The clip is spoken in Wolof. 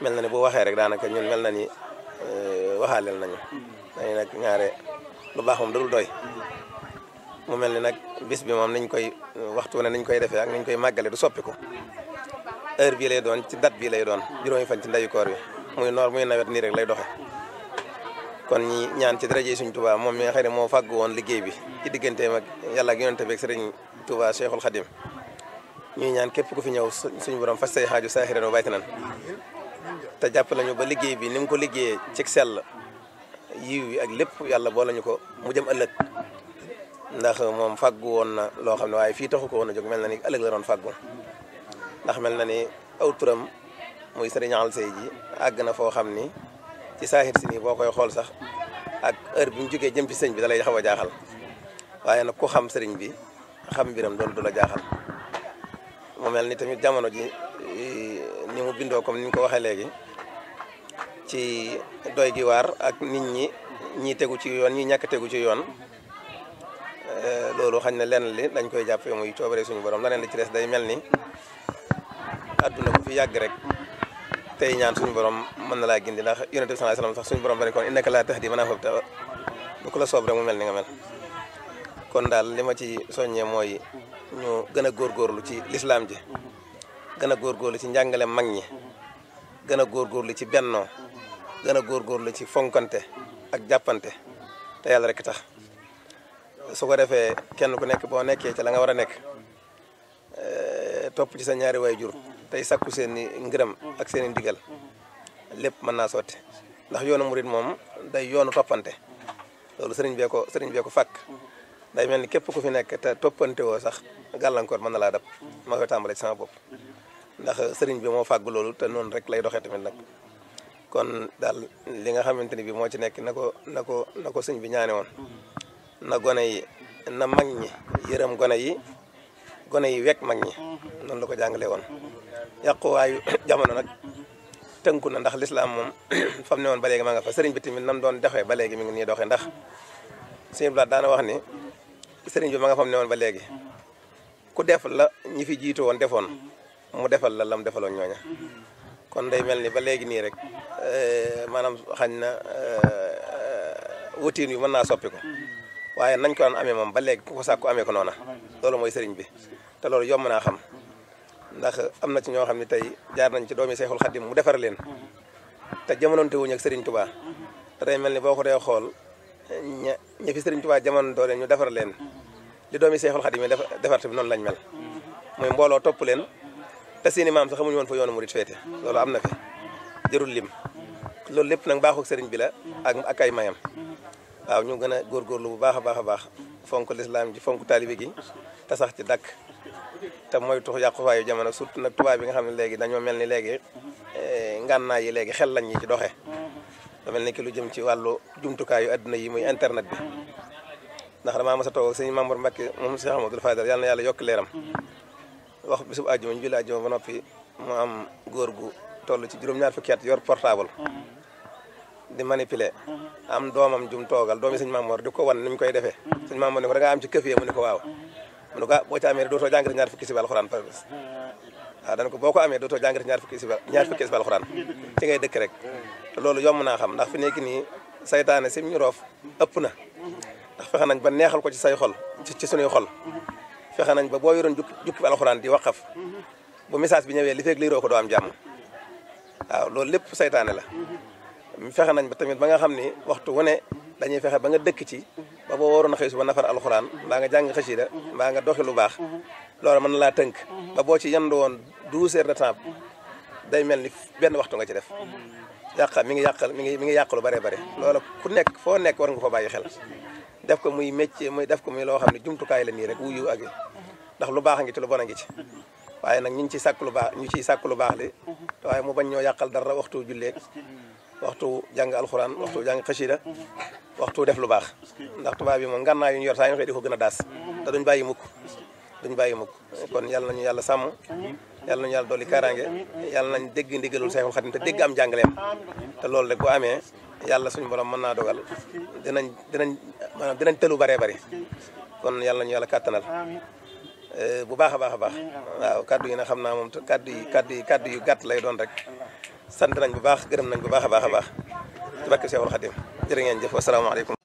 mel na ni bu waxee rek daanaka ñun mel na ni eh, waxaaleel nañu dañu nag ñaare lu baax moom dadul doy mu mel ni nag bis bi moom nañ koy waxtu ne nañ koy defee ak nañ koy màggale du soppiku heure bii lay doon ci date bii lay doon juróom yi fan ci ndayu koor bi muy noor muy nawet nii rek lay doxe kon ñi ñaan ci daraje suñ Touba moom mi nga ne moo fàgg woon liggéey bi ci digganteem ak yàlla ak yonente beeg sëriñ Touba Cheikhul Khadim ñuy ñaan képp ku fi ñëw suñu borom fas say xaaju saaxiran wa baatinan te jàpp ñu ba liggéey bi ni mu ko liggéeyee ci sell yiw yi ak lépp yàlla boole ñu ko mu jëm ëllëg ndax moom fàggu woon na loo xam ne waaye fii taxu ko woon a jóg mel na ni ëllëg la doon fàggu ndax mel na ni aw turam muy sëriñ Al Seye ji àgg na foo xam ni ci saaxir si nii boo koy xool sax ak heure bi mu jógee jëm ci sëñ bi da lay xaw a jaaxal waaye nag ku xam sëriñ bi xam mbiram doolu du la jaaxal mu mel ni tamit jamono ji eh, ni mu bindoo comme ni ñu ko waxee léegi ci doy gi waar ak nit ñi ñi tegu ci yoon ñi ñàkk tegu ci yoon euh, loolu xañ na lenn li dañ koy jàppee muy coobare suñu borom leneen li ci des day mel ni àdduna bu fi yàgg rek tey ñaan suñu borom mën na laa gindi ndax yonent bi sallallahu alayhi wasallam sax suñu borom dane kon innaka laa tahdi man ahbabta bu ko la soob rek mu mel ni nga mel kon daal li ma ci soññee mooy ñu gën a góorgóorlu ci lislaam ji gën a góorgóorlu ci njàngale mag ñi gën góor góorgóorlu ci bennoo góor góor góorgóorlu ci fonkante ak jàppante te yàlla rek tax su ko defee kenn ku nekk boo nekkee ci la nga war a nekk eh, topp ci sa ñaari jur tey sakku seen i ngërëm ak seen i ndigal lépp mën naa sotti ndax yoonu murit moom day yoonu toppante loolu sëriñ bee ko sëriñ bee ko fàkk day mel ni képp ku fi nekk te toppante woo sax gàllankoor mën na laa dab ma koy tàmbalee sama bopp ndax sëriñ bi moo fàgg loolu te noonu rek lay doxee tamit nag. kon daal li nga xamante ni bii moo ci nekk na ko na ko na ko sëñ bi ñaane woon na gone yi na mag ñi yërëm gone yi gone yi wekk mag ñi noonu la ko jàngalee woon waay jamono nag tënku na ndax lislaam moom fam ne woon ba léegi maa nga fa sëriñ bi tamit nam doon doxee ba léegi mi ngi doxe doxee ndax sëñ Blaat daana wax ni sëriñ bi ma nga fam ne woon ba léegi ku def la ñi fi jiitu woon defoon mu defal la lam defaloon ñooña kon day mel ni ba léegi nii rek eh, maanaam xañ na wutiin eh, yu mën naa soppi ko waaye nañ ko amee moom ba léegi ku ko sàkku amee ko noona loolu mooy sëriñ bi te loolu yomb naa xam ndax am na ci ñoo xam ne tey jaar nañ ci doomi Seexul Xadim mu defar leen te jamononte wuñ ak sëriñ Tuubaa te day mel ni boo ko dee xool ña ña fi sëriñ Tuubaa jamono doo ñu defar leen li doomi Seexul Xadim yi defar bi noonu lañ mel muy mbooloo topp leen te seeni maam sax xamuñu woon fa yoonu murit féete loolu am na fi jarul lim loolu lépp nag baaxu sëriñ bi la ak ak ay mayam waaw ñu gën a góorgóorlu bu baax a baax a baax fonk lislaam ji fonk taalibe gi te sax ci dakk te mooy tux yàquwaayu jamono surtout nag tubaab bi nga xam ne léegi dañoo mel ni léegi eh, ngànnaay yi léegi xel lañ ñi ci doxee da mel ni ki lu jëm ci wàllu jumtukaayu adduna yi muy internet bi ndax damaa mas a toog ak sëñ Mamour Mbacke moom Cheikh Amadou Fadal yàlla yàlla yokk leeram wax bisub àjjuma ñu julli àjjuma ba noppi mu am góor gu toll ci juróom-ñaar fukki yor portable mm-hmm. di manipile mm-hmm. am doomam jum toogal doomi sëñ Mamoor di ko wan ni mu koy defee mm-hmm. sëñ Mamoor ne ko da am ci këf yi mu ne ko waaw mu ne ko ah, boo ci amee dootoo jàngati ñaar fukki si bal xuraan par bés waaw ah, ko boo ko amee dootoo jàngati ñaar fukki si bal ñaar fukki si bal xuraan ci ngay dëkk rek te loolu yomb naa xam ndax fi nekk nii saytaane sim ñu roof ëpp na ndax fexe nañ ba neexal ko ci say xol ci ci sunuy xol fexe nañ ba boo yoroon jukki jukki bi alxuraan di waqaf bu message bi ñëwee li fekk liiroo ko doo am jàmm waaw loolu lépp seytaane la fexe nañ ba tamit ba nga xam ni waxtu wu ne dañuy fexe ba nga dëkk ci ba boo waroon a xëy suba nafar alxuraan mbaa nga jàng xasida mbaa nga doxi lu baax loolu mën na laa tënk ba boo ci yendu woon douze heures de temps day mel ni benn waxtu nga ci def yàq mi ngi yàqal mi ngi mi ngi yàqalu bare bare loola ku nekk foo nekk war nga ko bàyyi xel def ko muy métier muy def ko muy loo xam ne jumtukaay la nii rek wuyu ak ndax lu baax a ngi ci lu bon a ngi waaye nag ñu ngi ciy sàkk lu baax ñu ciy sàkk lu baax li waaye mu bañ ñoo yàqal dara waxtu julleeg waxtu jàng alxuraan waxtu jàng xasida waxtu def lu baax ndax tubaab yi moom ngannaa yu ñu yor saa ñu di ko gën a daas te duñ bàyyi mukk duñ bàyyi mukk kon yàlla ñu yàlla sàmm yàlla nañu yàlla dolli kaaraange yàlla nañ dégg ndigalul Seexul Xadim te dégg am jàngaleem te loolu rek bu amee yàlla mën naa dogal dinañ maanaam dinañ tëlu bëree bëri kon yàlla nañu yàlla kàttanal eh, bu baax a baax a baax waaw kaddu yi na xam naa moom kaddu yi kaddu yi kaddu yu gàtt lay doon rek sant nañ bu baax gërëm nañ bu baax a baax a baax ci barke Seexul Xadim jërë ngeen jëf wasalaamaaleykum